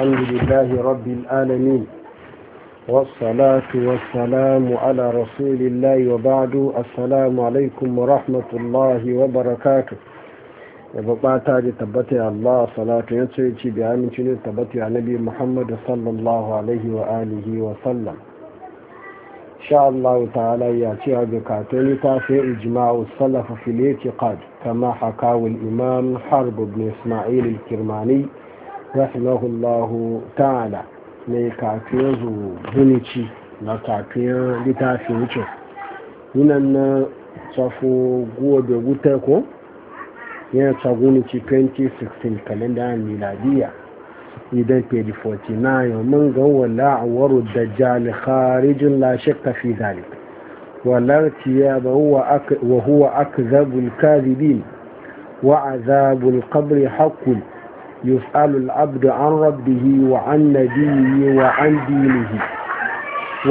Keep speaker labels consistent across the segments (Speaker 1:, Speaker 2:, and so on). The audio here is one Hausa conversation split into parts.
Speaker 1: الحمد لله رب العالمين والصلاة والسلام على رسول الله وبعد السلام عليكم ورحمة الله وبركاته يبقى تاج تبتي الله صلاة ينسيتي بعامل شنو تبتي على نبي محمد صلى الله عليه وآله وسلم شاء الله تعالى يأتي بكاتل في إجماع السلف في الاعتقاد كما حكاه الإمام حرب بن إسماعيل الكرماني rahimahullahu ta'ala mai kafin zunici na kafin littafin wucin yinan na tsafo gobe wuta ko yana tsagunici 2016 kalendar miladiya idan page 49 mun ga wala da dajjal kharijin la shakka fi zalik wala irtiyab huwa wa zagun akdhabul kadhibin wa zagun qabri haqqun يسأل العبد عن ربه وعن نبيه وعن دينه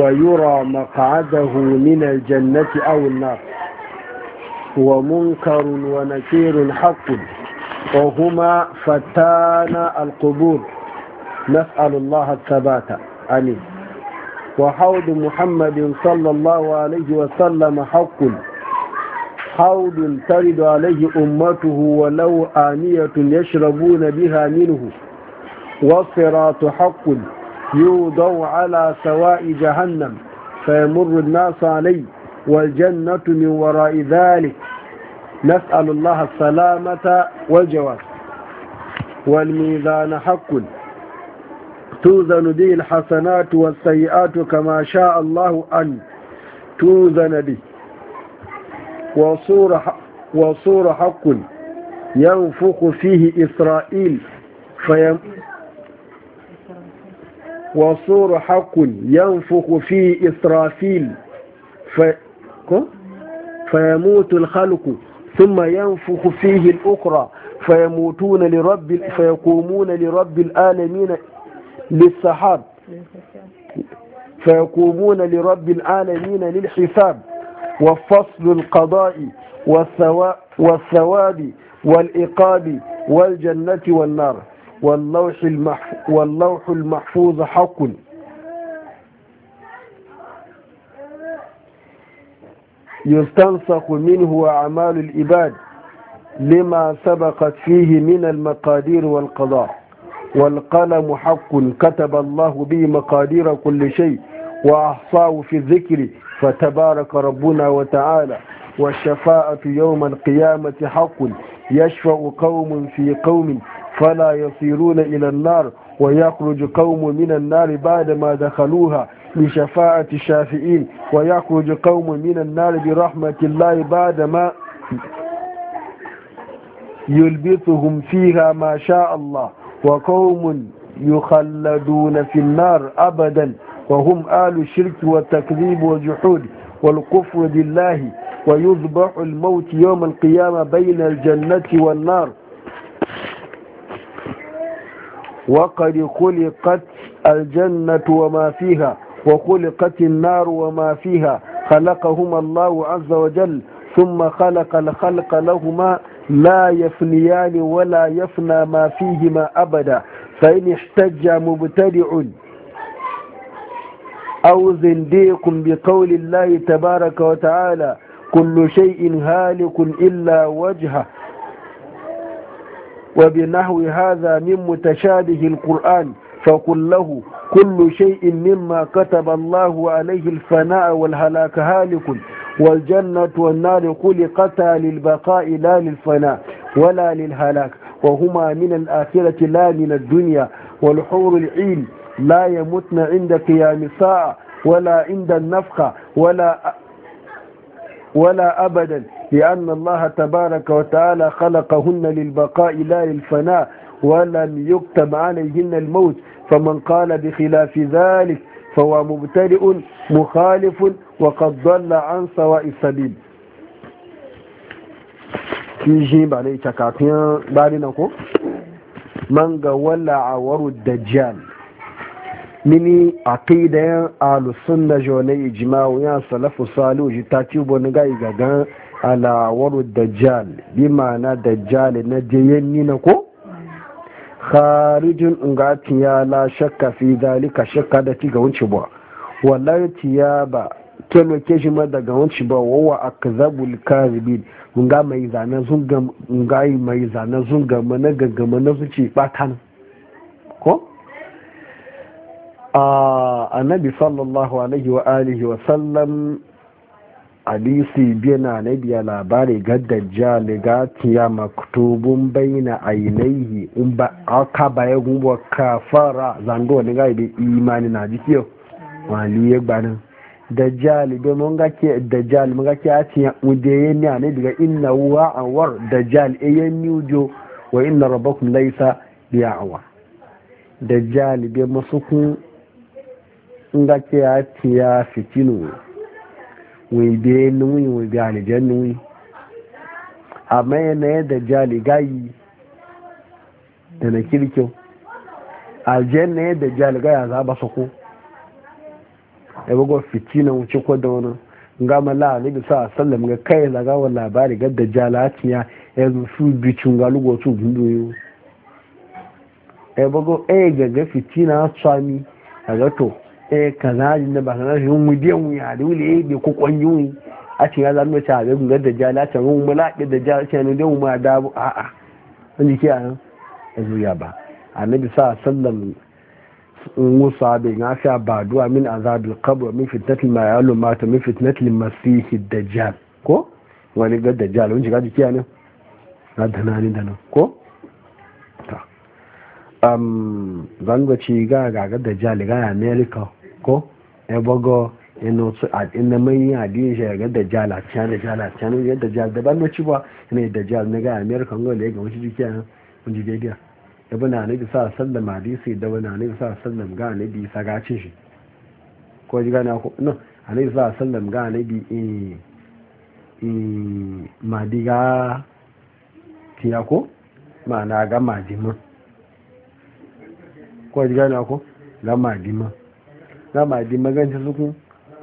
Speaker 1: ويرى مقعده من الجنة أو النار ومنكر ونكير حق وهما فتان القبور نسأل الله الثبات آمين وحوض محمد صلى الله عليه وسلم حق حوض ترد عليه أمته ولو آنية يشربون بها منه والصراط حق يوضع على سواء جهنم فيمر الناس عليه والجنة من وراء ذلك نسأل الله السلامة والجواب والميزان حق توزن به الحسنات والسيئات كما شاء الله أن توزن به وصور حق ينفخ فيه إسرائيل فيم وصور حق ينفخ فيه إسرافيل في فيموت الخلق ثم ينفخ فيه الأخرى فيموتون لرب فيقومون لرب العالمين للسحاب فيقومون لرب العالمين للحساب وفصل القضاء والثواب والإقاب والجنة والنار واللوح, المحف واللوح المحفوظ حق يستنسخ منه أعمال العباد لما سبقت فيه من المقادير والقضاء والقلم حق كتب الله به مقادير كل شيء وأحصاه في الذكر فتبارك ربنا وتعالى والشفاعة يوم القيامة حق يشفع قوم في قوم فلا يصيرون إلى النار ويخرج قوم من النار بعدما دخلوها لشفاعة الشافعين ويخرج قوم من النار برحمة الله بعدما يلبثهم فيها ما شاء الله وقوم يخلدون في النار أبدا وهم آل الشرك والتكذيب والجحود والكفر بالله ويذبح الموت يوم القيامة بين الجنة والنار وقد خلقت الجنة وما فيها وخلقت النار وما فيها خلقهما الله عز وجل ثم خلق الخلق لهما لا يفنيان ولا يفنى ما فيهما أبدا فإن احتج مبتدع أو زنديق بقول الله تبارك وتعالى كل شيء هالك إلا وجهه وبنحو هذا من متشابه القرآن فقل له كل شيء مما كتب الله عليه الفناء والهلاك هالك والجنة والنار خلقتا للبقاء لا للفناء ولا للهلاك وهما من الآخرة لا من الدنيا والحور العين لا يموتن عند قيام الساعة ولا عند النفخة ولا ولا أبدا لأن الله تبارك وتعالى خلقهن للبقاء لا للفناء ولم يكتب عليهن الموت فمن قال بخلاف ذلك فهو مبتدئ مخالف وقد ضل عن سواء السبيل shi ba da ita kafin bari na ko man ga wala a waru dajjal mini aqidayan alusunna jone ijma'u ya salafu salu ji ta ci bonu ga igagan alawaru dajjal bi ma'ana dajjal na jeyen nina ko kharijin ungati ya la shakka fi zalika shakka da ti ga wunci ba wallahi ya ba kelo ke ji ma daga wunci ba wawa akzabul kazibin mun ga mai zana zunga mai zana zunga mana gaggama na suci batan annabi sallallahu alaihi wa alihi wa sallam hadisi biyana na biya labari ga dajjal ga tiya maktubun baina ainihi in ba aka baya gubo kafara zando ne ga ibe imani na jikiyo wali ya gbanin dajjal be mun ga ke dajjal mun ga ke a tiya ude ni ne daga inna wa awar dajjal e yan ujo wa inna laisa laysa bi'awar dajjal be kun. nga ce ya tiya fitinu wai biye nuyi wai biya alijan a amma na yadda jali gayi da na kirkin aljan na yadda jali gaya za ba su ko ya e bugo fitina wuce ko da wani nga mala alibi sa sallam ga kai ga wa labari ga da jalatiya ya e zo su bicin ga lugo su gundoyo ya e bugo e ga ga fitina tsami a ga to e kaza da ba kana shi mu mu ya dole eh, be ku kwanyu a ce ya zama ta ga gungar da jala ta mu mala da da jala ta ne da mu ma da a a an ji a nan a zuya ba annabi sa sallan musa bai na fiya ba duwa min azabil qabr min fitnatil mayalu ma ta min fitnatil da jal ko wani ga dajjal wani ga kiya nan na da ni da nan ko ta um zan ga ci ga ga da jali ga america ko ebogo ina su a ina manyan hadiyar shi ga dajjal a cikin dajjal a cikin yadda dajjal da ban ci ba ina dajjal na ga america da ya ga jikin jikiya kun ji daidai na anabi sa sallam hadisi da wani anabi sa sallam ga bi sa ga cin shi ko ji gana ko no anabi sa sallam ga anabi eh eh madiga ma ma'ana ga madima ko ji gana ko ga ma na ma di maganci suku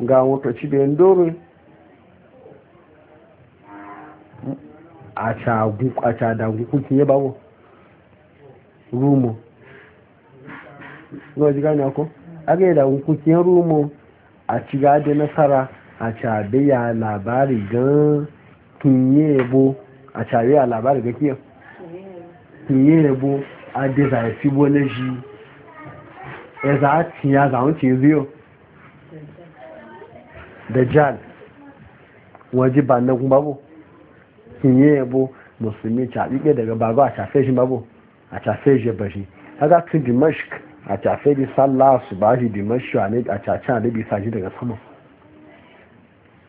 Speaker 1: ga motoci da yandoro a cadagun kukin ya bawo rumo ga wajen gani ako aga yi dagun kukin rumo a ci gada nasara a cabe ya labari gan kinye yabo a cabe ya labari ga kiyan kinye yabo a da zafi wani shi ẹ̀zà àti yàzà àwọn ti rí o dajjal wọ́n jí ba nagun babu kinye bu musulmi caɓiɓe daga bago a cafe shi babu a cafe shi ba shi za tun dimashik a cafe bi sallah su ba shi dimashik a cace a nabi saji daga sama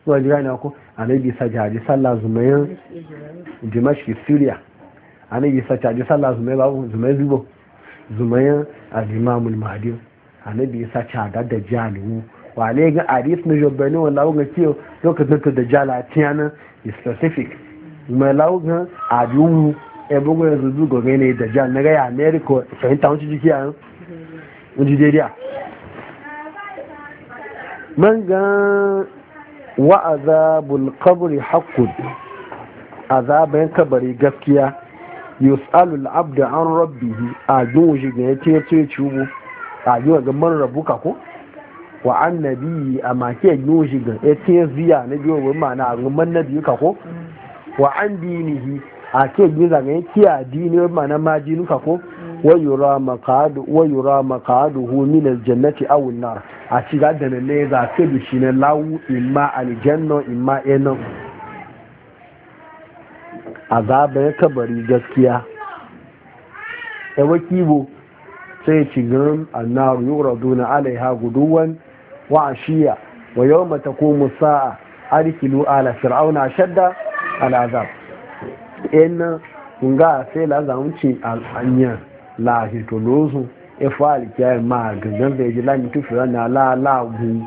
Speaker 1: wọ́n jira gani ako a nabi saji haji sallah zumayen dimashik syria a nabi saji haji sallah zumayen babu zumayen zubo zumayen alimamul mahadiyar annabi ya sace a da jalu wane ga arif na jobbani wala ga kiyo lokacin da jala tiyana specific mai lauga ga biyu e bugu ya zuzu gobe ne da jal na gaya america fahimta wancin jiki a wancin man ga wa'azabul kabari haqqun azaban kabari gaskiya yus'alul abdu an rabbi a dun shi ga yace yace cubo a ga wa rabuka ko wa annabi a maki yin shi ga etiyan ziya na biyu wa ma'ana a gamar na biyu ka ko wa an dinihi a ke yi zagayen kiya dini wa ma'ana ma jinu ka ko wayura hu min aljannati aw an-nar a ci ga da ne za ka bi shi ne lawu imma aljanna imma eno azaba ya kabari gaskiya e wakibo sai ci gan annaru yuraduna alaiha guduwan wa ashiya wa yawma taqumu sa'a arkilu ala fir'auna shadda al'azab en kunga sai la zaunci al'anya la hitolozu e fali ya ma gangan da ji lami tu na la la bu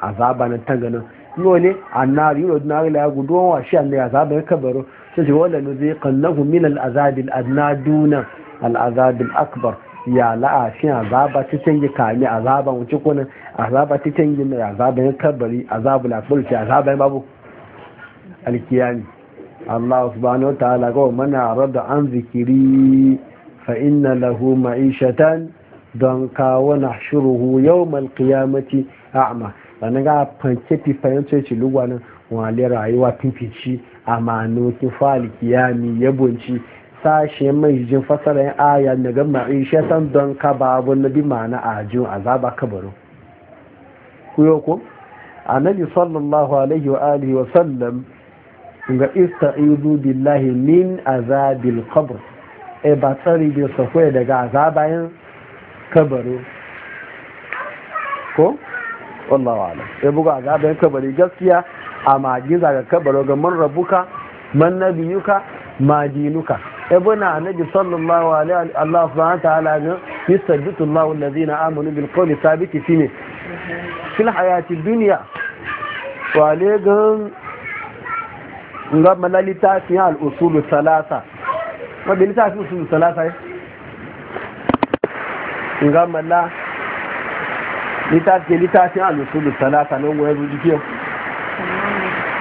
Speaker 1: azaba na tangana yole annaru yuraduna alaiha guduwan wa ashiya ne azaba kabaro sai wala nuziqannahum min al'azabil adna duna al'azabil akbar ya la'a zaba azaba ta canji kami azaba wuce kuna azaba ta canji mai azaba ya kabari azabu na a azaba ya babu alkiyami Allah subhanahu wa ta'ala ga mana rada an zikiri fa inna lahu ma'ishatan don kawo na shuruhu yau malkiyamati A'ama, sannan ga fanke fifayen ce lugwanin wale rayuwa fifici a manokin fa alkiyami bunci sashe mai jin fasarar aya na ga ma'ishe san don ka babu na bi ma'ana a ajiyar azaba kabarin kuyo ko nabi sallallahu alaihi wa alihi wa sallam ga ista'izu billahi min azabil kabar e ba tsari bi sakwai daga azabayan kabaro ko wallahu alam e buga azabayan kabari gaskiya a magiza ga kabaro ga man rabuka man nabiyuka ma dinuka ebona annabi sallallahu alaihi Allah ta'ala ne yusabbitu Allahu allazina amanu bil qawli sabiti shine fil hayati dunya wa ne gan nga malalita fi al usul salasa ma fi usul salasa nga mala lita fi al usul salasa ne wa yuji kiyo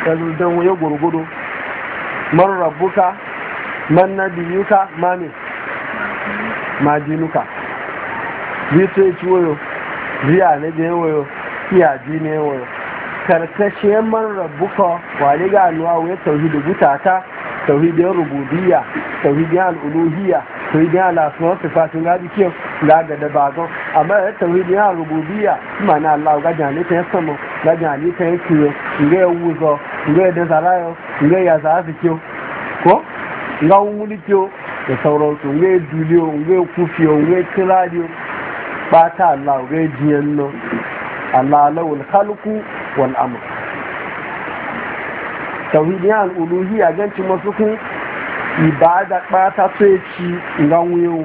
Speaker 1: kalu dan wa gurgudu man rabbuka man na biyuka mami majinuka bitu ya ci wayo biya na biyan wayo iya ji ne wayo karkashe man rabuka wani ga anuwa wani tauhidin gutata tauhidin rububiyya tauhidin al'uluhiyya tauhidin al'asuwar sifatun gadi kiyo ga gada bagon amma ya tauhidin al'rububiyya na allahu ga ta ya samu ga ta ya kiyo ga ya wuzo ga ya da zarayo ga ya su kiyo ko nga wulito da sauransu nga duliyo nga kufiyo nga kiradiyo bata Allah nga jiyan nan Allah lawul khalqu wal amr tauhidiyan uluhiyya ganci masu kun ibada bata sai ci nga wuyo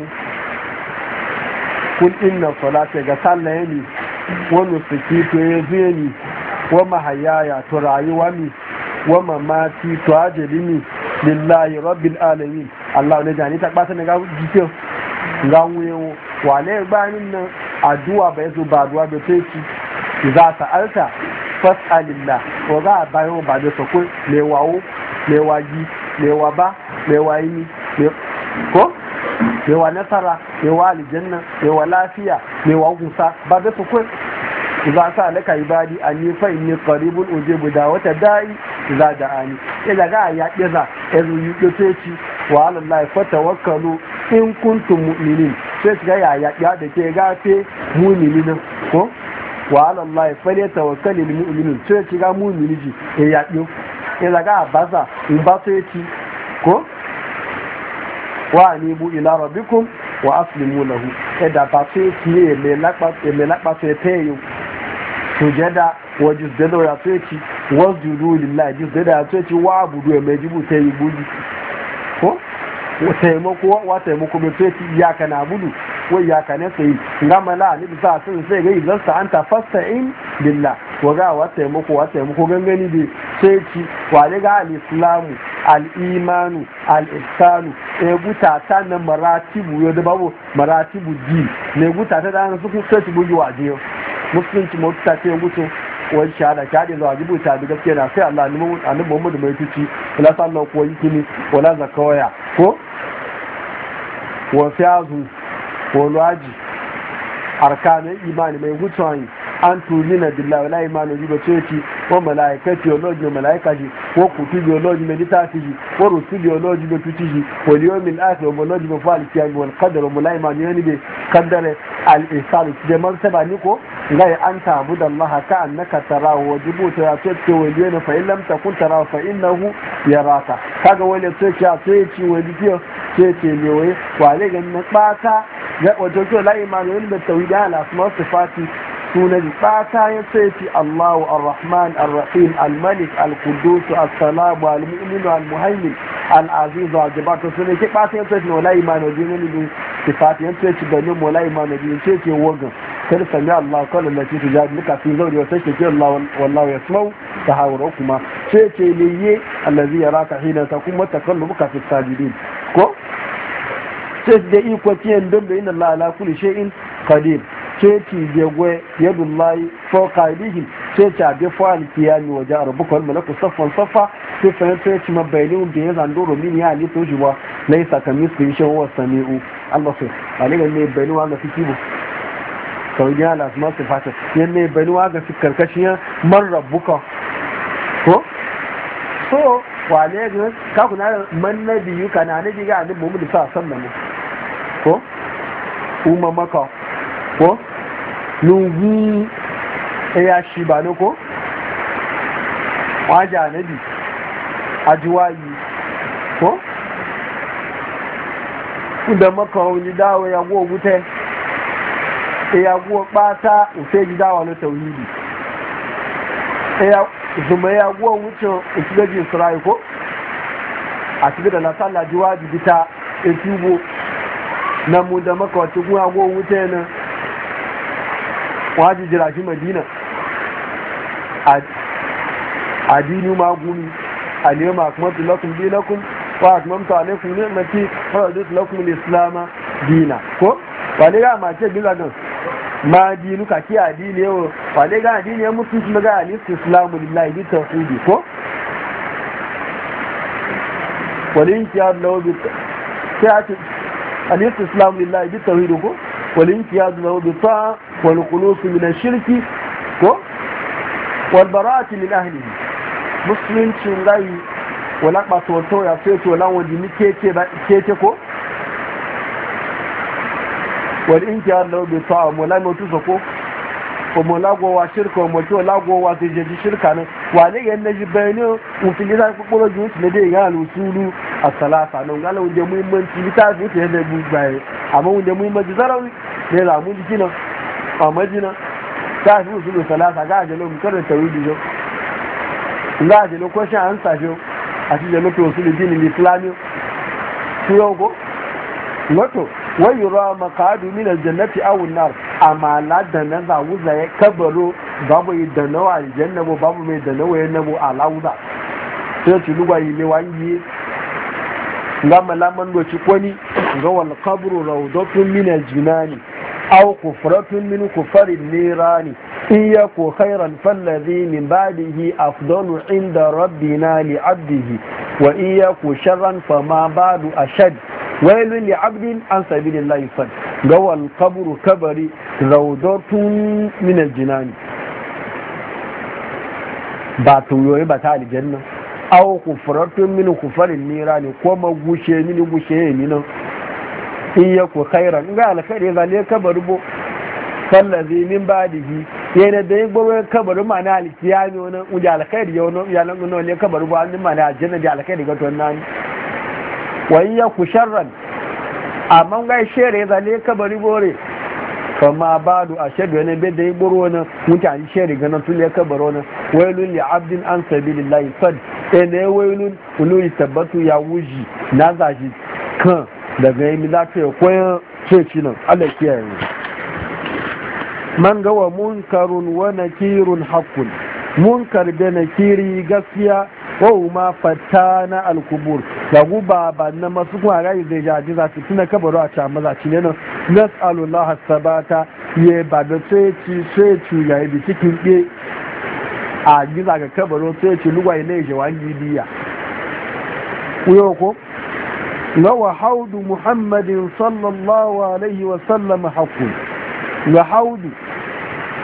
Speaker 1: kul inna salata ga sallah ne wa nusuki to yanzu ne wa mahayaya to rayuwa ne wa mamati to ajali ne lillahi rabbil alamin Allah ne jani ta kpata ne ga jikin ga wuyewo wale gbanin nan addu'a bai zo ba addu'a bai sai ki za ta alta fas'alillah ko za a bayan ba da sako lewawo lewaji lewaba lewayi ko wa nasara wa aljanna wa lafiya wa kusa ba da sako idza sa laka ibadi anni fa inni qaribun ujibu wata da'i idza da'ani idza ga ya kiza yanzu yi dotoci wa alallahi fatawakkalu in kuntum mu'minin sai shiga ya ya da ke gafe mu'minin ko wa alallahi falyatawakkalul mu'minun sai shiga mu'mini ji ya yaɗo idza ga basa in ba to yaci ko wa anibu ila rabbikum wa aslimu lahu ya bàtí kí èmè lápàtẹ́ ẹ̀tẹ́ yìí sujada wa jisdada ya so yaci wa judu lillahi jisdada ya so wa abudu ya mai jibu sai yi buji ko taimako wa taimako mai so ya iyaka na abudu wa iyaka na sai gama la ni bisa sun sai ga idan sa anta in billah wa ga wa taimako wa taimako gangani bi sai yaci wa ga al-islamu al al e guta ta na maratibu yo da babu maratibu ji ne guta ta da su ku sai ci buji wa musulunci mota ce gutu wani shahada shahada zuwa jibu ta bi gaskiya na sai Allah annabi Muhammadu mai tuci wala sallan ko yi kini wala zakawaya ko wa yazu, ko luwaji arkanin imani mai yi. an na billahi wala imanu bi baceci wa malaikati yoloji malaikati wa kutubi yoloji meditati wa rusuli yoloji be tutiji wa yawmil akhir wa yoloji be fali kiyami wal qadar wa malaimani yani be qadare al ihsan de martaba ni ko gai an tabu da Allah ka annaka tara wa ta ya ce ce wani ne fa illam takun tarahu fa innahu yaraka kaga wani ce ce ya ce ce wani ce ce ce ne wai wale ga na bata ga wato ce la imanu illa tawhid ala asma sifati sunan bata ya ce ce Allahu ar-Rahman ar-Rahim al-Malik al-Quddus as-Salam al-Mu'min al-Muhaymin al-Aziz wa jibatu sunan ke bata ya ce ce wani imanu dinin sifati ya ce ce ga imanu dinin ce ce wagan kar sami Allah kallon da kike jaji duka sun zaure wa sai kike Allah wallahu yasmau tahawurukuma sai ce liye allazi yaraka hina takum takallubuka fi sajidin ko sai da iko kiyan dambe inna Allah ala kulli shay'in qadir sai ci jegwe yadullahi fawqa yadihim sai ci abi fa'al kiyami waje rabbuka wal malaku saffan saffa sai fa sai ci mabailin da ya zandoro min ya ali to jiwa laisa kamisli shay'un wa sami'u Allah sai alai ne bainu wa ga fikibu saudi ya lasu masu fata yan ne bani wa ga karkashin yan marar buka ko so wane ga ka kuna da man nabiyu ka na nabi ga annabi Muhammad san na mu? ko umma maka ko nugu eh, ya shi ba ne ko waja nabi ajuwayi ko da maka wani dawo ya ta yi? eyaguwa ɓata ufe gida wani tauhidi zuma eyaguwa wucin ikigaji isra'i ko a cikin da na sallah ji wajibi ta etubo na mu da makawacin kuma aguwa wuce yana waji jira madina a dini magumi a nema kuma tulakun dinakun wa atmamtu alaikum ni'mati wa raditu lakum al islama dina ko wani ya mace gizagan ma dinu ka ki adini yau wale ga adini ya e mutu su ga alisu islamu lillahi bi tawhidi ko walin ki Allah bi ta'ati alisu islamu lillahi bi tawhidi ko walin ki Allah bi ta wal qulus min ash-shirki ko wal bara'ati min ahlihi muslimin cin rai wala ba to to ya ce to lan wajin ke ce ba ke ce ko wal inkiyar lau bi ta'a mo la mo tu soko o mo lago wa shirka o mo ti o lago shirka ne wa ne yen ne jibe ne o ti lisa kokoro ju ti na de ya lu sulu asalasa no ngala unje mu imman ti lita ju ti de bu gba e ama unje mu imman ti zarawi ne ta fi usulu salasa ga je mu kada tawidi jo ga je ko sha an sa jo ati je lo pe usulu dini islamiyo ti yogo lọ́tọ̀ wai yura makadu min aljannati aw a amma da na za ya kabaro babu yi da nawa aljanna bo babu mai da nawa yana bo ala sai ci lugwa yi ne wangi ga malaman doci kwani ga wal qabru rawdatun min aljinani aw kufratun min kufari nirani in yaku khairan fallazi min ba'dihi afdalu inda rabbina li abdihi wa iya ku sharran ma ba'du ashad wailun li abdin an sabilillahi fad ga wal kabru kabari rawdatun min aljinani ba tuyoyi ba ta aljanna aw kufratun min kufarin nirani ko magushe min gushe ni nan in ya ku khairan ga alkhairi zale kabari bo kallazi min badihi yana da gbogbo kabarin ma na alkiyami wani alkhairi ya wani ya nan ne kabarin bo an ma na aljanna da alkhairi ga to nan ya ku sharran amma ga shere ka kabari bore ba badu a shaɗu wani bai da yi buru wani mutane shere gana ya ka bari wani wailun li abdin an sabi layi fad e ne wailun wani tabbatu ya wuji na zaji kan daga yi milata koyan ceci nan allah kiyaye ne man gawa munkarun wa nakirun hakkun munkar da nakiri gaskiya wa ma fata na alkubur da ba ba na masu kuma rayu zai ja ji zafi tuna kabaru a can maza ci ne nan nas'alullah sabata ye ba da sai ci sai ci ga yi cikin ɗe a giza ga kabaru sai ci lugwa yi ya jawan gidiya uyo ko na wa haudu muhammadin sallallahu alaihi wa sallam haqqun wa haudu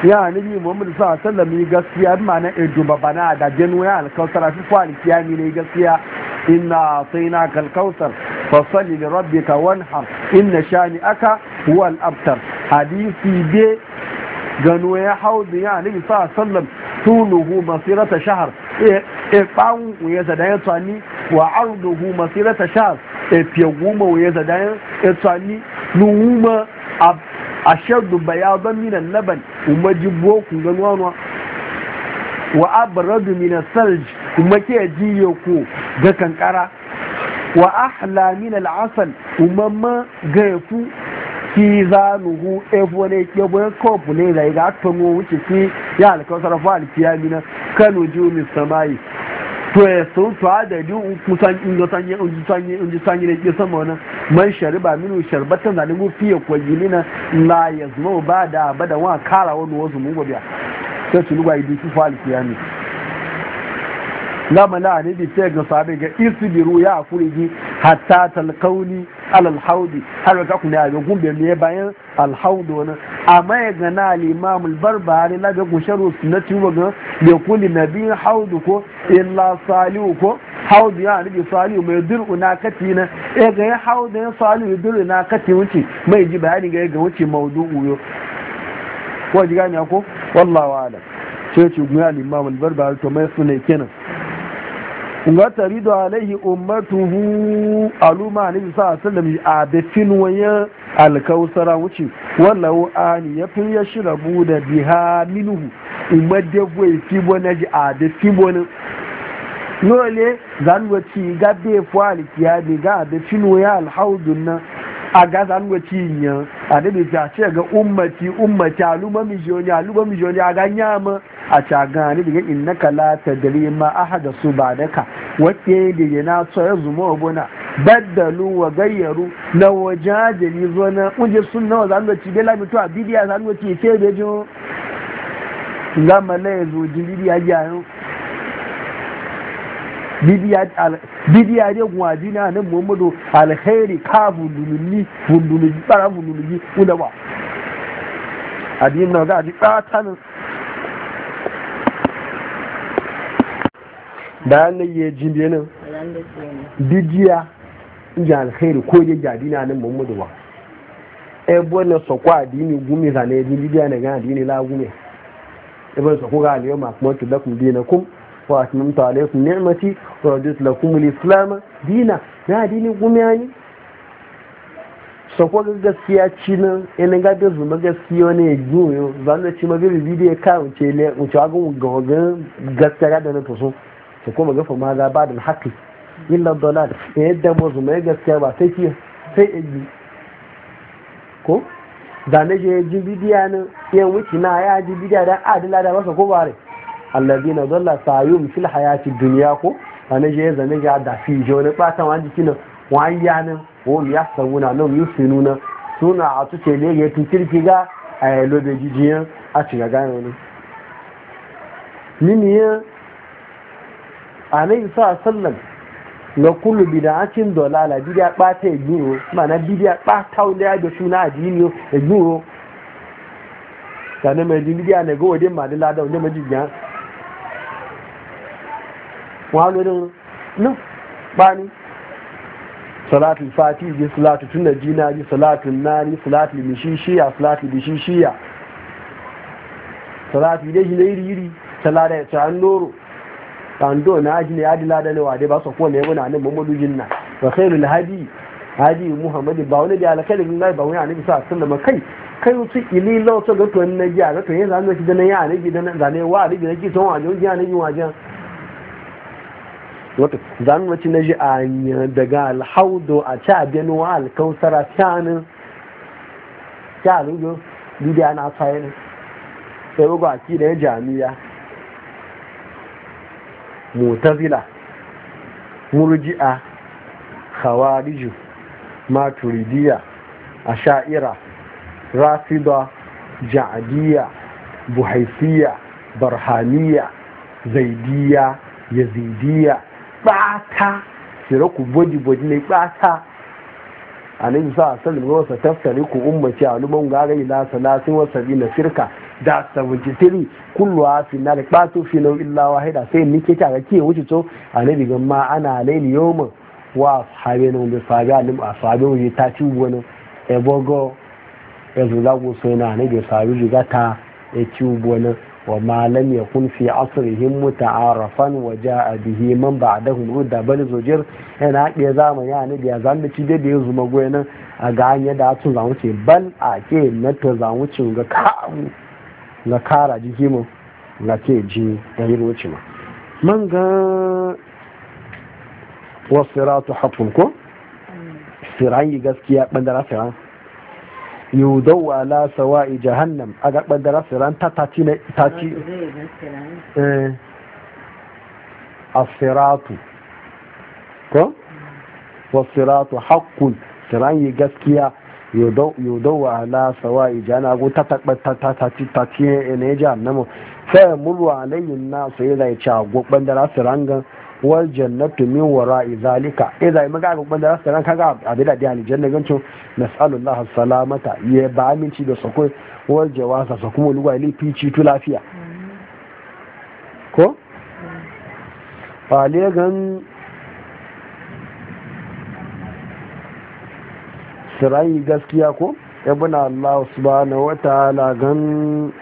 Speaker 1: ya nabi muhammad sallallahu alaihi wa sallam gaskiya na edu babana da januwa alkausara fi kwalikiya ne gaskiya إنا أعطيناك الكوثر فصل wanhar وانحر إن شانئك هو الأبتر Hadisi be gano ya hau da ya nabi sa sallam tuluhu masirata shahar e bawu ya zadayan tsani wa arduhu masirata shahar e fiyaguma ya zadayan tsani nuhuma a shaddu bayadan minan laban umaji boku ganuwa wa abradu minan salji kuma ke jiye ko ga kankara wa ahla min al'asal umamma ga yafu ki za nuhu efo ne ke boye kofu ne da ga tono wuce ki ya alkawsar fa alkiyami na kanu jumi samai to ya sun to adadi kusan inda sanye inji sanye inji sanye ne ke sama wannan man shariba minu sharbatan da ngu fiye ko na la yazmu ba da bada wa kara wani wasu mun gobiya sai tuluba idi ku fa alkiyami gama na hanibi sai ga sabi ga Isbiru ya kuriji hatta talkauni alhaudi har ka kuna ga gumbe ne bayan alhaudo wani amma ya ga na al-imam al-barbari la ga gusharu sunnati wa ga ya kulli nabi haudu ko illa salihu ko haudu ya hanibi salihu mai duru na kati na ya ga ya haudu ya salihu duru na kati wuce mai ji bayani ga ya ga wuce maudu'u yo ko ji gani ko wallahi wa'ala sai ce gumi al-imam al-barbari to mai sunai kenan wata rido alaihi ummatuhu aluma ne bisa sallam a dafin wayan alkausara wuce wallahu ani ya fi ya shirabu da biha minuhu umar dabwai fibo na ji a dafin wani nole zanwaci gabe fuwa alikiya ne ga a dafin wayan alhaudun nan a gaza nwa cinye a da bisa ce ga ummati ummati aluma mijoni aluma mijoni a ganya ma a caga ni daga inna kala ta dare ma ahada su ba da ka wace da yana ya zuma obona baddalu wa gayyaru na wajajali zo na kunje sun nawa za nwa ci bela mutu a bibiya za nwa ci ce da jin zama na yanzu jin bidiya gyayen bidiya ne gwaji na nan muhammadu Alheri ka vundulunni vundulunni tsara vundulunni kuda ba adin na ga ji tsatanin da nan ya ji nan bidiya ya alkhairi ko ya jadi na nan muhammadu ba ebo na sokwa adini gumi zane ji bidiya na ga adini la gumi ebo sokwa ga aliyo ma kuma tudakun dinakum wa atmamtu alaykum ni'mati wa raditu lakum al-islam dina na dini gumiyani sako ga gaskiya ci nan ina ga da zuma gaskiya ne juyo za da ci ma bi bidiyo ka wuce ne wuce ga gogan gaskiya da na to so ta kuma gafa ma za ba da haƙi illa dalal yadda mazuma ya gaskiya ba sai kiyo sai ji ko da na je ji bidiya nan yan wuce na ya ji bidiya da adila da masa ko bare allazina dalla sayum fil hayati dunya ko ana je zane ga da fi jo ne ba tan wani kina wanya ne wo ya sabuna no yusinuna suna a tuke ne ya tukirki ga a lo da jijiyan a ci ga gano ne nini ya alayhi sa sallam na kullu bid'atin dalala bid'a bata yiro mana bid'a bata wanda da suna ajini yiro sanu mai bid'a ne go wadin madalla da wanda majiya walolin nan ni? salatul fati ji salatu tun jina ji salatul nari salatul mishishiya salatul bishishiya salatu dai ne iri iri salada ya ci an doro na aji ne dila da lewa dai ba su kowane yana nan mamadu jinna wa khairul hadi hadi muhammadu ba wani da alkhairin lai ba wani annabi sa sallama kai kai wuce ili lauta ga to na giya, a ga to yanzu an zaki da na ya annabi da na zane wa annabi na ji to wa annabi wa jan wato zan wace na ji a daga alhaudo a ci abin wa alkausara shanin ta alujo Lidiya na fayin sai rugu a da ya jami'a mutazila murji'a khawariju maturidiya a sha'ira rafida ja'adiya buhaisiya barhaniya zaidiya yazidiya. ɓata shirar ku bodi bodi ne ɓata annabi sa sallam ga wasa taftari ku ummaci aluman gara ila salasin bi na shirka da 73 kullu a na da ɓato fi nau illa wahida sai ni ke ta ga wuce to annabi ga ma ana laili yawma wa sahabe nan a nan a asabe wuce ta ci wani ebogo yanzu za ku so na annabi sahabe ga ta ya ci wani وما لم يكن في عصرهم متعارفا وجاء به من بعدهم رد بل زجر انا يا زمان يعني يا زمان ci da ya zuma goyen a ga an yadda sun zamu ce bal a ke na to zamu ce ga ka na kara jiki ke ji da yi roci ma man ga wasiratu hatun ko siran yi gaskiya bandara siran yudau ala sawa'i jahannam a ga da siran ta taci ne taci eh asiratu ko wasiratu haqqun siran yi gaskiya yudau ala sawa'i jahannam go ta ta taci taci ne jahannam sai murwa alayhin nasu yana ya ci a go da siran gan wal jannatu min wara'i zalika idan yi ga gaban da rasaran ga abida da aljanna gancu nas'alullahu salamata ya ba aminci da sako wal jawasa sa kuma luwa ile fici tu lafiya ko wale gan sirai gaskiya ko ibn Allah subhanahu wa ta'ala gan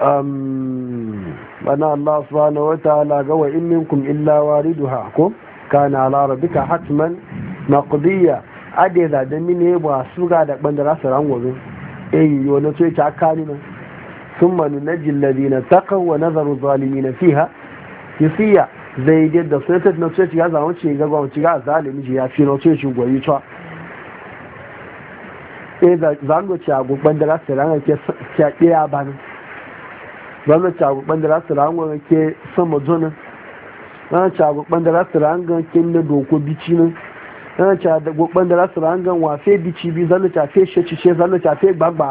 Speaker 1: um, bana Allah subhanahu wa ta'ala ga wa in minkum illa waridha ko kana ala rabbika hatman maqdiya ade da da mine ba suga da bandara ran gobe eh yo na so ta kani na thumma nunji alladhina taqaw wa nadharu zalimin fiha yasiya zai da da sai ta na so ya zama ce ga gwamnati ga zalimi ji ya fi na so shi goyi ta eh da zango ci a gubban da ran ke ke ba ni. ranar cagukban da rasu rangon ke sama zonin ranar cagukban da rasu rangon ke na doko bici nan ranar cagukban da rasu rangon wafe bici bi zanen cafe shecice zanen cafe gbagba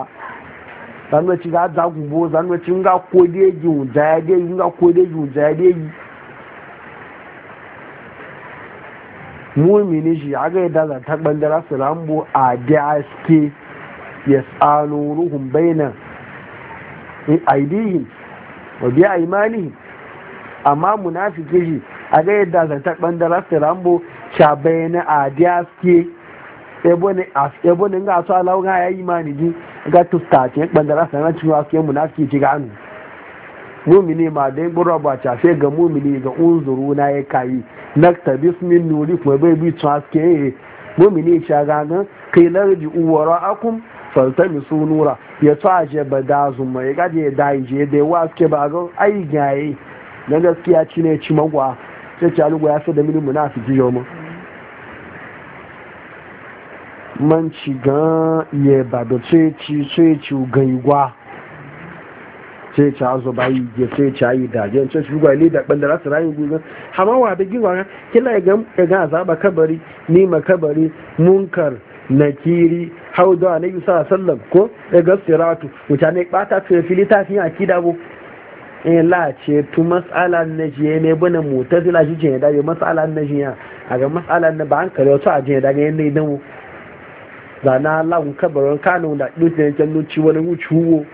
Speaker 1: zanen ci ga zagubo zanen ci nga kodeji wujayade nga kodeji wujayade mumini shi aga yadda zata bandara su rambo a dsk ya tsano ruhun bainan aidihim wa biya imani amma munafiki shi a ga yadda zantar bandara rambo shabai a adiya suke ebo ne ga su ya yi imani ji ga tusta ya bandara su na cewa suke munafiki ji ganu mumini ma dai gbura ba ta sai ga mumini ga unzuru na ya kayi nakta bismin nuri kuma bai bi tuwa suke mumini shagagan kai larji uwara akum faltamisu nura ya tsaje ba da zuma ya gaje da je da wa ke ba ga ai gaye na gaskiya ci ne ci magwa sai ci alugo ya so da mini munafiki yau mu man ci ga ye ba da ce ci ce ci gaigwa ce ci azo ba yi je ce ci ayi da je sai ci gwa ne da bandara su rayu gugu hamawa da giwa kila ga ga azaba kabari ni makabari munkar nakiri haudu a nabi sa sallam ko daga siratu ne bata su fili ta fi akida bu in eh, la ce tu mas'ala na jiye ne bana mutazila shi jiye da yi mas'ala na jiya a ga mas'ala na ba an kare wasu a jiye da ga yanda idan zana lagun kabarin kanu da da kyan ci wani wuce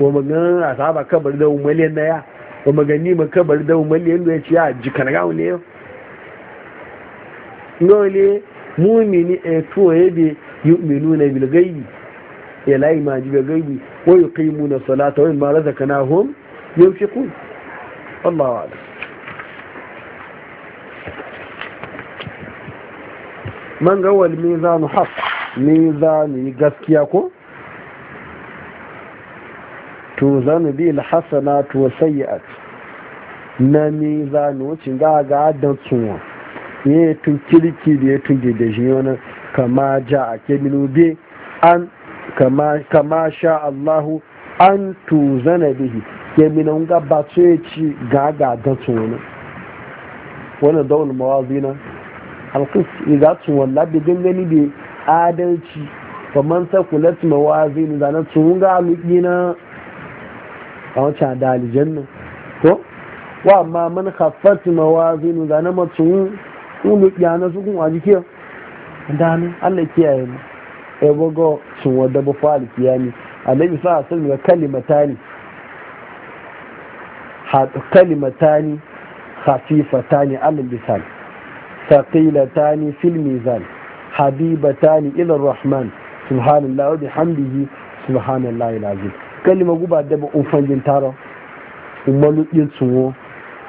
Speaker 1: wa magan a saba kabar da umaliyan na ya wa magani ma kabar da umaliyan da ya ci ya jikanaga wani yau mumini e to yabe yu'minuna bil ghaibi ya la ima ji bil ghaibi wa yuqimuna salata wa mimma razaqnahum yunfiqun Allahu a'lam man ga wal mizanu haqq mizani gaskiya ko to zanu al hasanatu wa sayyi'at na mizanu cin ga ga dan tsuwa ya tun kiliki da ya tun gida shi wani kama ja a kemino be an kama sha allahu an zana bihi kemino gaba su ya ci gaga da tsono wani daunin mawazi na alkus tun wallah da gangani da adalci kamar sakulat mawazi ne zanen tsohon ga aluki na a wancan da alijan ko wa amma man haffat mawazi ne zanen matsohon ulu yana su kun waji kiyo dani Allah kiyaye mu e bogo sun wada bu fali kiyami annabi sa sun ga kalimatani ha kalimatani khafifatani alal lisan thaqilatani fil mizan habibatani ila rahman subhanallahi wa bihamdihi subhanallahi alazim kalima guba da ba umfangin taro umalu din tsuwo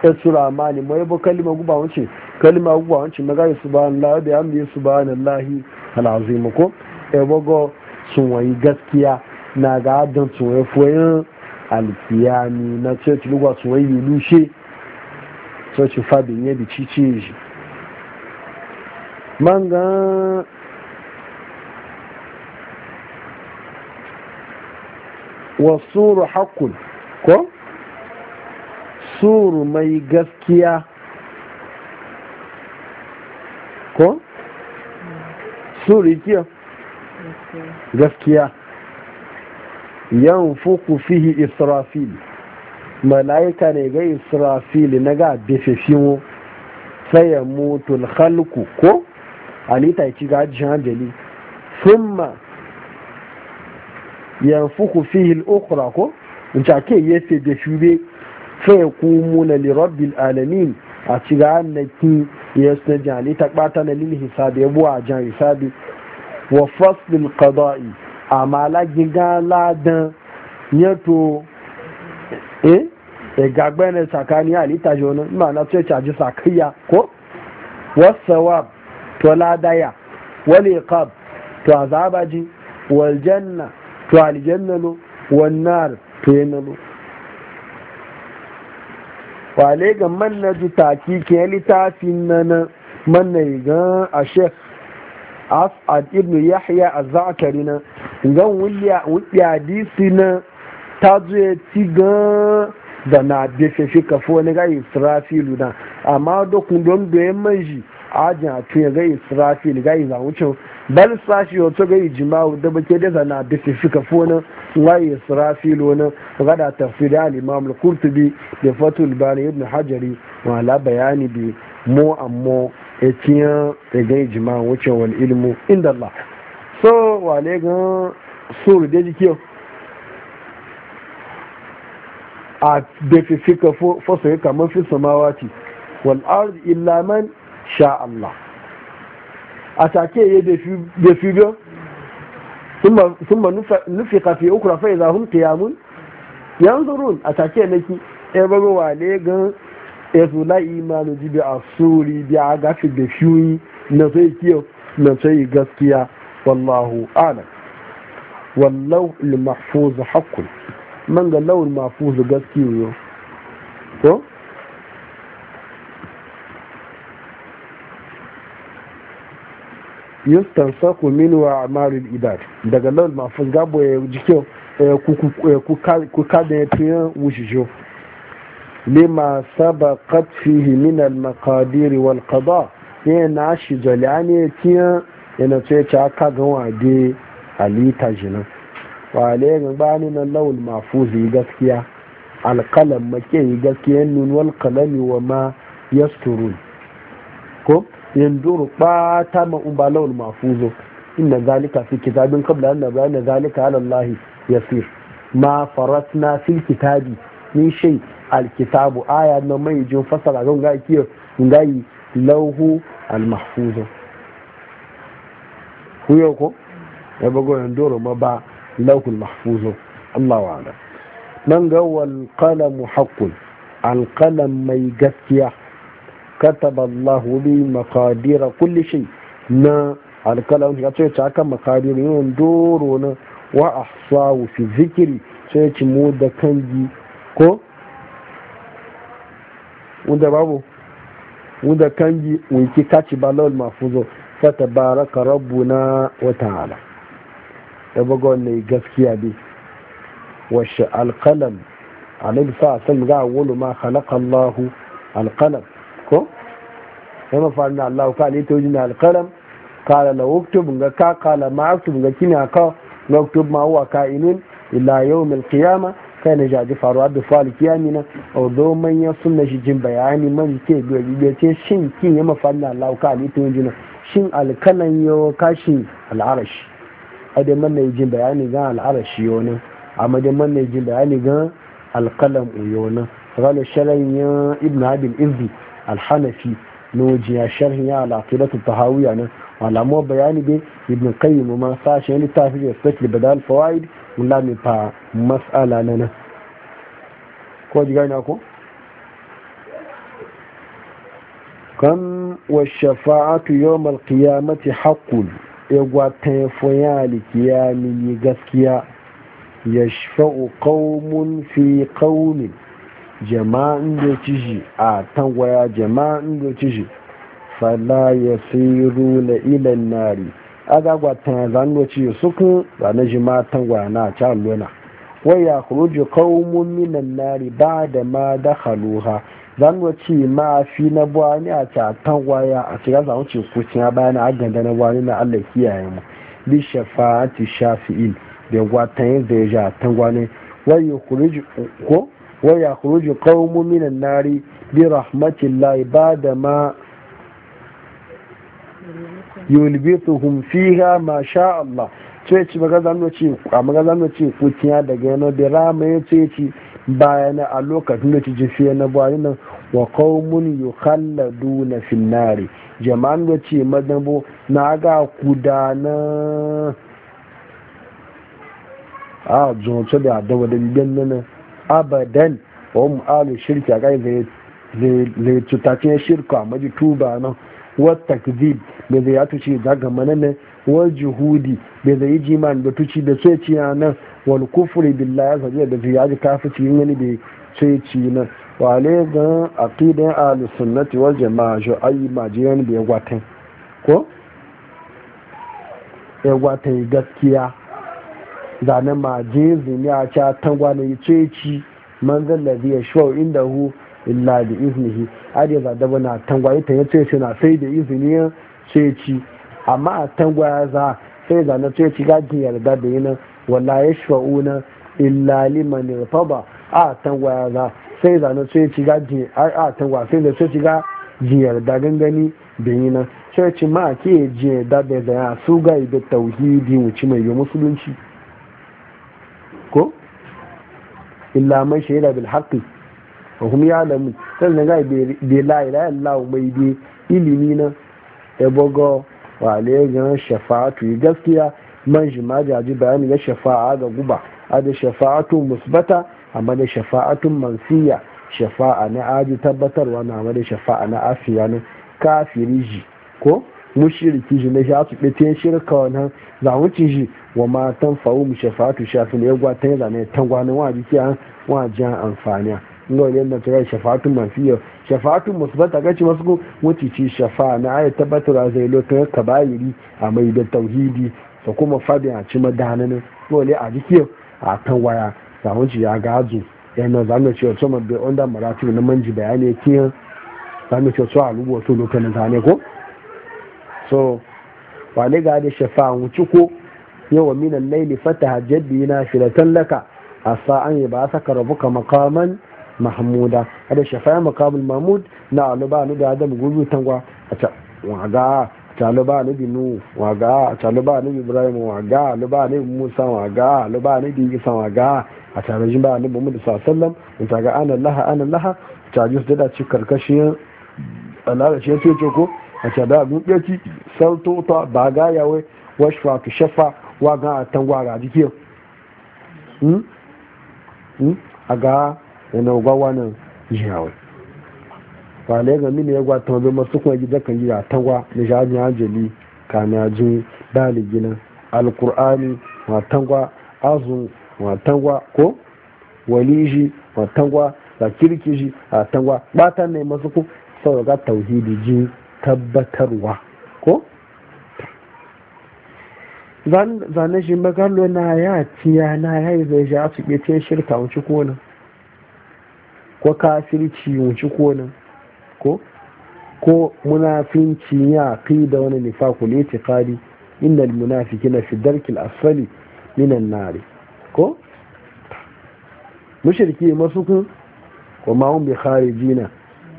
Speaker 1: ya e, tsura mani mai bo kalima guba wace kalma abubuwa wancin na gari subhanallah da yamma subhanallah alazim ko e bogo sun wayi gaskiya na ga adon sun wayi foyin alkiyami na ce ci lugwa sun wayi lushe so ci fabin ya bi cici shi manga wasuru haqqun ko suru mai gaskiya ko suri kiyo gaskiya yan fuku fihi israfil mala'ika ne ga israfil na ga befefimo sai ya mutu halku ko alita ci ga jihajali summa yan fuku fihi okra ko in ce ake yefe da shube sai ya kumu na lirabbil alamin a ci ga annakin ya suna ta ɓata na lil hisabi ya buwa jan hisabi wa faslil qada'i amma la giga ladan yato eh e gagbe ne sakani ali ta jona ma na tse ta ji sakiya ko sawab to ladaya wa liqab to azabaji wal janna to aljanna lo wan nar to yanalo wale ga man na ji taki ke littafin na na man na ga a shek as'ad ibn yahya a zakari na gan wuliya disi na ta zuwa ci gan da na befe shi kafo na ga israfilu na amma dokun don doyen manji ajin a tuya ga da ga yi wucin bal sashi wato ga yi da bake da zana da fifika fonin ga yi israfil wani ga da tafsiri al-imam al-qurtubi da fatul bani ibn hajari wa la bayani bi mo ammo e tiya da e ga yi wucin wal ilmu inda Allah so wa wale ga suru da jikiyo a da fifika fosa ya kamar fi samawati wal ard illa man sha Allah a take ya da fi biyu sun e ba nufi kafi ukura fai za hun kiyamun yanzu run a take na ki ya bago wale gan ya e zo la imanu ji bi a suri bi a gafi da fiyoyi na sai kiyo na sai gaskiya wallahu ana wallau al-mahfuz Manga man ga lawul mahfuz gaskiyo ko yustan sako wa a marin idar daga lal mafin gabo ya kyau ku kada ya fiye wushijo lima saba katfihi al makadiri wal qada ne na shi jalani tiya yana ce ta aka ga wade alita jinan wale ba bani na lawul mafuzi gaskiya alqalam yi gaskiya nun wal qalami wa ma yasturun ko yanduru ɓata ma umbalawul mafuzo inna zalika fi kitabin qabla an nabra inna zalika ala Allah yasir ma faratna fil kitabi min shay al kitabu aya na mai jin fasara don ga kiyo ngai lauhu al mahfuzo huyo ko ya bago yanduru ma ba lauhul mahfuzo Allah wa'ala nan ga wal qalam haqqun al qalam mai gaskiya kataba Allah bi makadira kulli shay na alkalam ya ce ta kan makadir yawan doro na wa ahsawu fi zikiri sai ci mu da kanji ko wanda babu wanda kangi wiki kaci balawul mafuzo fata baraka rabbuna wa ta'ala da bugon ne gaskiya bi washe alkalam a nabi sa san ga wulu ma khalaqa Allah alkalam ko yamma faru da Allah ka ne ta wajen alkalam kala na oktob ga ka kala ma oktob ga kini a ka na oktob ma huwa ka'inun ila yau mil kiyama kai na jaji faruwa da fali kiyami na o do man ya sunna shi jin bayani man ke gobe be ce shin kin yamma faru da Allah ka ne ta wajen shin alkalan yau kashi al'arashi adai man yi jin bayani ga al'arashi yo ne amma dai man ne jin bayani ga alkalam yo ne قال الشلين ابن عبد الإذي alhanafi na wajiya sharhin ya ta tahawiyya nan malamu bayani be ibn qayyim ma sashe ne tafi da sakli badal fawaid wala mi fa mas'ala nan ko ji gani ko kam wa shafa'atu yawm al haqqun yagwa ta foya al-qiyami gaskiya yashfa'u qaumun fi qaumin jama'in da ci shi a tangwaya jama'in da ci shi fala ya siru na ilan nari agagwa ta zanuwa ci suku zane shi ma tangwaya na can luna wai ya kuruji kawun minan nari ba da ma da haluha zanuwa ci ma fi na buwa ni a ta tangwaya a cikin zanuwa ci kucin bayan aganda na buwa na allah kiyaye mu bi shafa'ati shafi'in da gwatayin da ya ja tangwane wai ya kuruji ko wa ya kuruji kawo minan nari bi ba da ma yulbituhum fiha ma sha Allah sai ci magazan noci a magazan noci kuciya daga yana da rama ya ce ci bayan a lokacin da ci jifi na bayan nan wa qaumun yukhalladuna fin nari jama'an da ce madabo na ga kudana a zonce da adawa da biyan nan abadan wa mu alu shirki ga zai zai tutace shirka maji tuba na wa takzib da zai ya tuci daga manane wa juhudi da zai yi jiman da tuci da sai ci nan wal kufri ya azza da zai ya ji ci yin ne da sai ci nan wa ne ga aqidan alu sunnati wal jamaa jo ayi majiyan da ya gwatin ko ya gwatin gaskiya zane maje a ca tangwa na yi ceci manzan da biya shawar inda hu illa da iznihi adi za da na tangwa ita ya ceci na sai da izinin ceci amma a tangwa ya za sai zane ceci gajin yarda da yinan wala ya shawar na illa liman irtaba a tangwa ya za sai zane ceci gajin a tangwa sai da ceci ga jiyar da gangani da yinan ceci ma ke jiyar da da zaya su ga ibe tauhidi wuce mai yi musulunci illa man shahida bil haqqi wa hum ya'lamu sai na ga bi la ilaha illa mai bi ilimi na e bogo wa le ga shafa'atu gaskiya man shi ma bayani ga shafa'a ga guba ada shafa'atu musbata amma da shafa'atun mansiya shafa'a na aji tabbatarwa na amma da shafa'a na afiya ne kafiriji ko mushriki shi na shafi ɓetiyan shirka wannan zawuci shi wa ma tan fawo mu shafatu shafi ne ya ta ya zane tan gwanin wa jiki an wa jiyan amfani inda wani yadda tura shafatu mafiya shafatu musbata gaci masu ko wuce ci shafa na aya tabbatar a zai lokacin ka bayiri a mai da tauhidi da kuma fadi a ci madanin dole a jiki a tan waya zawuci ya gazu yana zamu cewa to mabbe onda maratu na manji bayani kiyan zamu cewa to alubo to lokacin zane ko so wani ga da shafa ciko ko yawa minan laili fata hajjabi na filatan laka a sa'an ya ba saka rabuka makaman mahmuda a da shafa makamun mahmud na aluba ni da adam gudu tangwa a can waga taluba ni bi nu waga taluba ni bi ibrahim waga aluba ni bi musa waga aluba ni bi isa waga a tarajin ba ni bi muhammad sallallahu alaihi wasallam ta ga ana laha ana laha ta ji da ci karkashin Allah da shi ko àṣàdá àgbẹ̀ tí sẹ́ńtò tó bàgá yàwé wọ́ṣfà àtúnṣẹ́fà wà gan àtàwọn àrà àdìkí àgá ẹ̀nà ọgbà wà náà yàwé wàlẹ́ gan mí ni ẹgbà tán ọbẹ̀ mọ́ sókun ẹ̀jẹ̀ dẹ́kan yìí àtàwọn níṣà ní àjẹlí kàní àjùn báàlì gíná alukur'ani wọn àtàwọn azùn wọn àtàwọn kó wàlíjì wọn àtàwọn làkìrìkìjì àtàwọn pátá ní ẹ̀ ku sókun sọ̀rọ̀ ká tàwíìdì tabbatarwa ko zane shi magallo na ya tiya na ya yi zai ja su ce shirka wuce konin ko kafirci wuce konin ko ko munafinci ya fi da wani kari inda munafiki na fi darkin asali minan nare ko mushriki kuma wa bai bi jina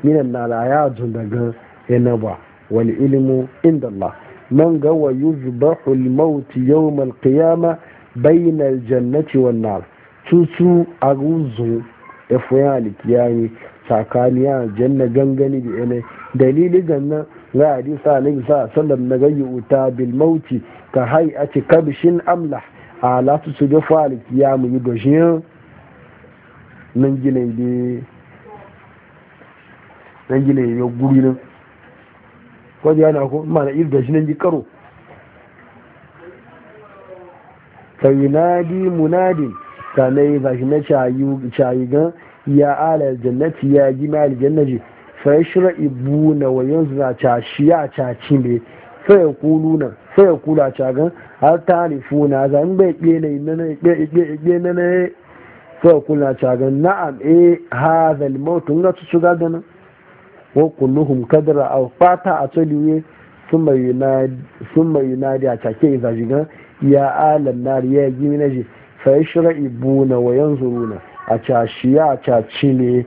Speaker 1: minan nar ayatun daga yana ba wal ilmu inda Allah man ga wa yuzbahu al maut yawm al qiyama bain al jannati wan nar tutu aguzu da fuya al kiyami tsakaniya janna gangani da yana dalili ganna ga hadisa annabi sallallahu alaihi na gayyu wuta bil maut ka hay'ati kabshin amla a lasu su da fuya al kiyami yi dojin nan ginin bi nan guri nan wadda yana ko mana na irga shi nan ji karo fayinadi munadin sanai ba shi na cayi gan ya ala jannati ya gina aljannaji sai shira ibuna wa yanzu na cashi ya caci ne sai ya kulu na sai ya kula cagan har ta nufu na zan bai ɓe na ɗe na na sai ya kula cagan na'am eh ha mautun ga su shiga ganin wa kulluhum kadra aw fata a yunadi summa yunadi a cake za jiga ya alam nar ya gimi na ji fa yashra'ibuna wa yanzuruna a cashiya a caci ne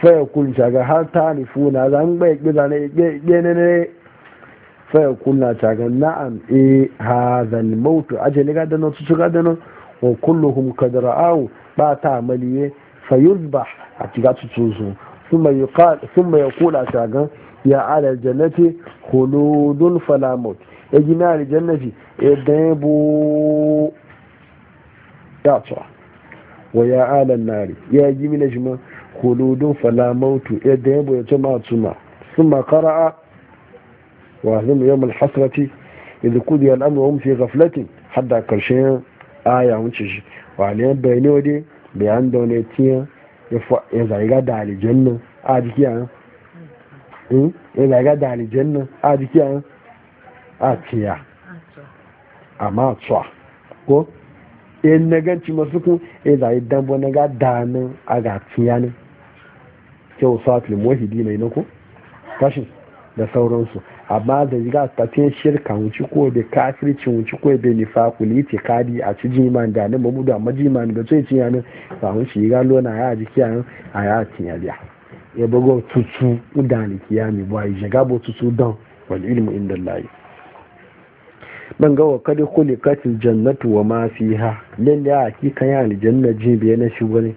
Speaker 1: fa yakul jaga har ta nifuna zan bai kiza ne ne ne fa yakul na shaga na'am e hadha al-maut ajali ga dano su ga dano wa kulluhum kadra aw ba ta amaliye fa yuzbah a tiga tutuzu suma ya kula shagan ya ala jannati huludun falamut ya gina da jannati idan ya bu ya tsawa wa ya ala nari ya yi mina shi ma huludun falamutu idan ya bu ya tuma tuma sun a wa zama yau malhasrati idan kudu ya al'amura wa mafi gaflatin hada karshen aya wuce shi wa aliyar bayani wade bayan da wani tiyan ya zarga da alijanna a jiki a hmm? ya zarga da alijanna a jiki a a tiya ko in na ganci masu kun ya zai dambo na ga danin a ga ciya ne kyau sa filin mai nako tashi da sauransu amma da ziga fatin shirka wuci ko da kafirci wuci ko da nifakuli kadi a ci jiman da nan mamudu amma jiman da tsoye cinya nan ba hun shi ga lona ya ji kiyan a ya cinya biya ya bago tutu udani mi ba yi shiga bo tutu don wal ilmu inda layi ban ga wa kada kulikatil jannatu wa ma fiha lalle a kan ya aljanna jibiya na shi wani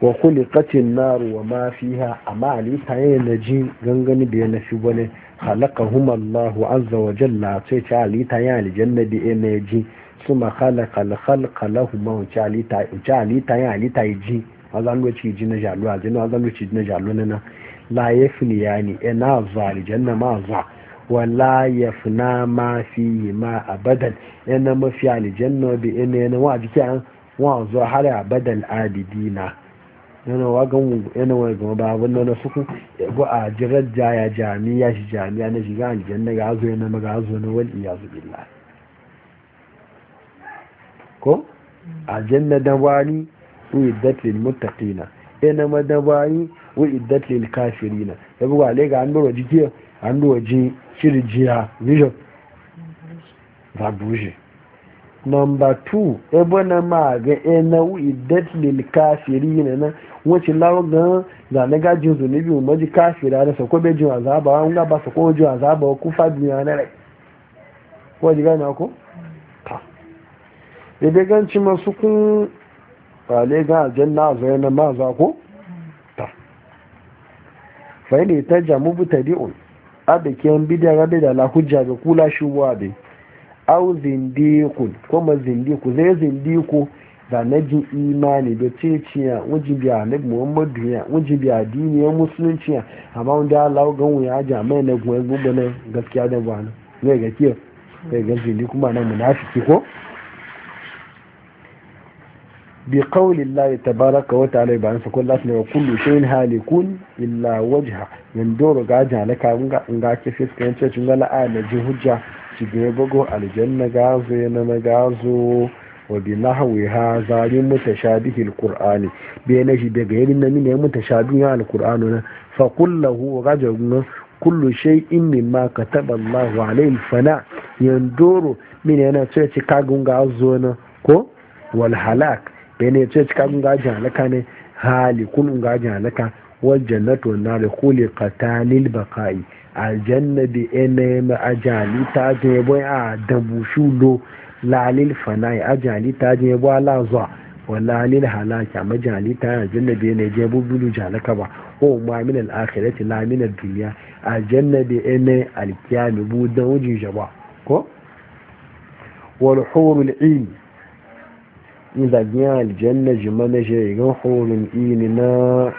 Speaker 1: wa khuliqatin naru wa ma a amma ta yi na ji gangani da yana fi wani khalaqahum Allahu azza wa jalla sai ta alita yana aljanna da na ji suma khalaqa al khalqa lahum wa ta alita ta alita yana alita ji a lokaci ji na jalu a azan lokaci ji na jalu na la ni ya e na za aljanna ma za wala na ma fi ma abadan ina e mafi aljanna bi ina e yana wa jikin wa zuwa har abadan abidina yana wagan yana wagan ba abin nan suku go a jirar jaya jami'a shi jami'a na shiga na ga zo yana maga zo na wani ya zo billah ko na da wani uiddat lil muttaqina yana ma da wani uiddat lil kafirina ya buga le ga andoro an andoro ji shirjiya vision ba buje Nomba two ebe na ma ga ena det lil kafiri ne na wace lawo ga za na gajin zunubi mu maji kafira da sako be jin azaba an ga ba sako jin azaba ku fa bi na re ko ji na ko ta da da ganci masu ba le ga aljanna zo ne ma za ko ta fa ne ta jamu butadi'un abikin bidiyar rabe da la hujja ga kula shubuwa bai au zindiku kuma zindiku zai zindiku da na jin imani da ceciya wajen biya na muhammadu ya wajen biya duniyar musulunci ya amma wanda Allah ga wuya ja mai na goyi gugu na gaskiya da gwanu zai ga kiyar zai ga zindiku ma na munafiki ko bi qawli Allah tabaraka wata alai ba sa kullu ne kullu shay'in halikun illa wajha min doro ga ja la ka ga ke fiska yace cin ga na ji hujja shiga bago aljanna gazo yana na gazo wa bi nahwi ha zalim mutashabihi alqur'ani bai na shi daga yanin nan ne mutashabihi alqur'ani na fa kullahu rajulun kullu shay'in mimma kataba Allahu alayhi fana yandoro min yana ce ci kagun ga zo na ko wal halak be ne ce ci kagun ga jalaka ne halikun ga jalaka wal jannatu wan nar khuliqatan lil baqa'i aljanna da yanayin ajali ta jiye bai a dabu shudo lalil fanai ajali ta jiye yabo ala zuwa walalil halaki amma jali ta aljanna da yanayin jiye yabo bulu jalaka ba o ma min al la min ad-dunya aljanna da yanayin alkiyami bu dan wujin jaba ko wal hurul ilmi zagiyar aljanna jimana shirigan horin ini na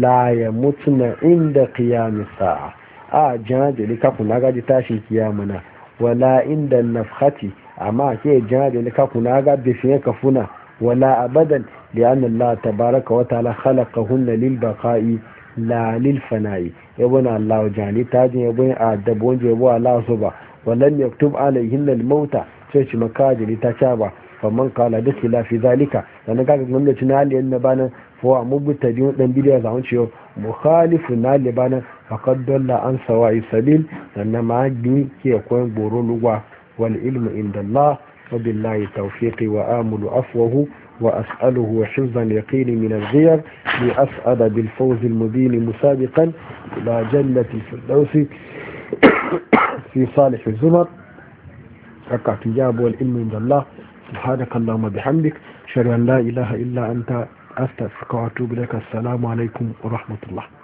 Speaker 1: la ya mutu na inda kiyami sa'a a jan jeli kafin na gaji tashi kiyama wala inda nafhati amma ke jan jeli kafin na ga bifiye kafuna wala abadan da la Allah tabaraka wa ta'ala hunna lil baqa'i la lil fana'i na Allah jani tajin yabo adabu wanda jabo Allah ba wallan yaktub alaihin al mauta sai ci makaji ta ba faman kala da fi zalika dan kaga gwamnati na aliyan na bana fo a mubtadi dan bidiya zaman ciyo mukhalifu na libana faqad dalla an sawa'i sabil sannan ma gi ke koyon boro lugwa wal ilmu inda Allah wa billahi tawfiqi wa amulu afwahu وأسأله حفظ اليقين من الغير لأسعد بالفوز المبين مسابقا إلى جنة الفردوس في صالح الزمر ركعت الجاب والعلم عند الله سبحانك اللهم بحمدك أشهد أن لا إله إلا أنت أستسقعت إليك السلام عليكم ورحمة الله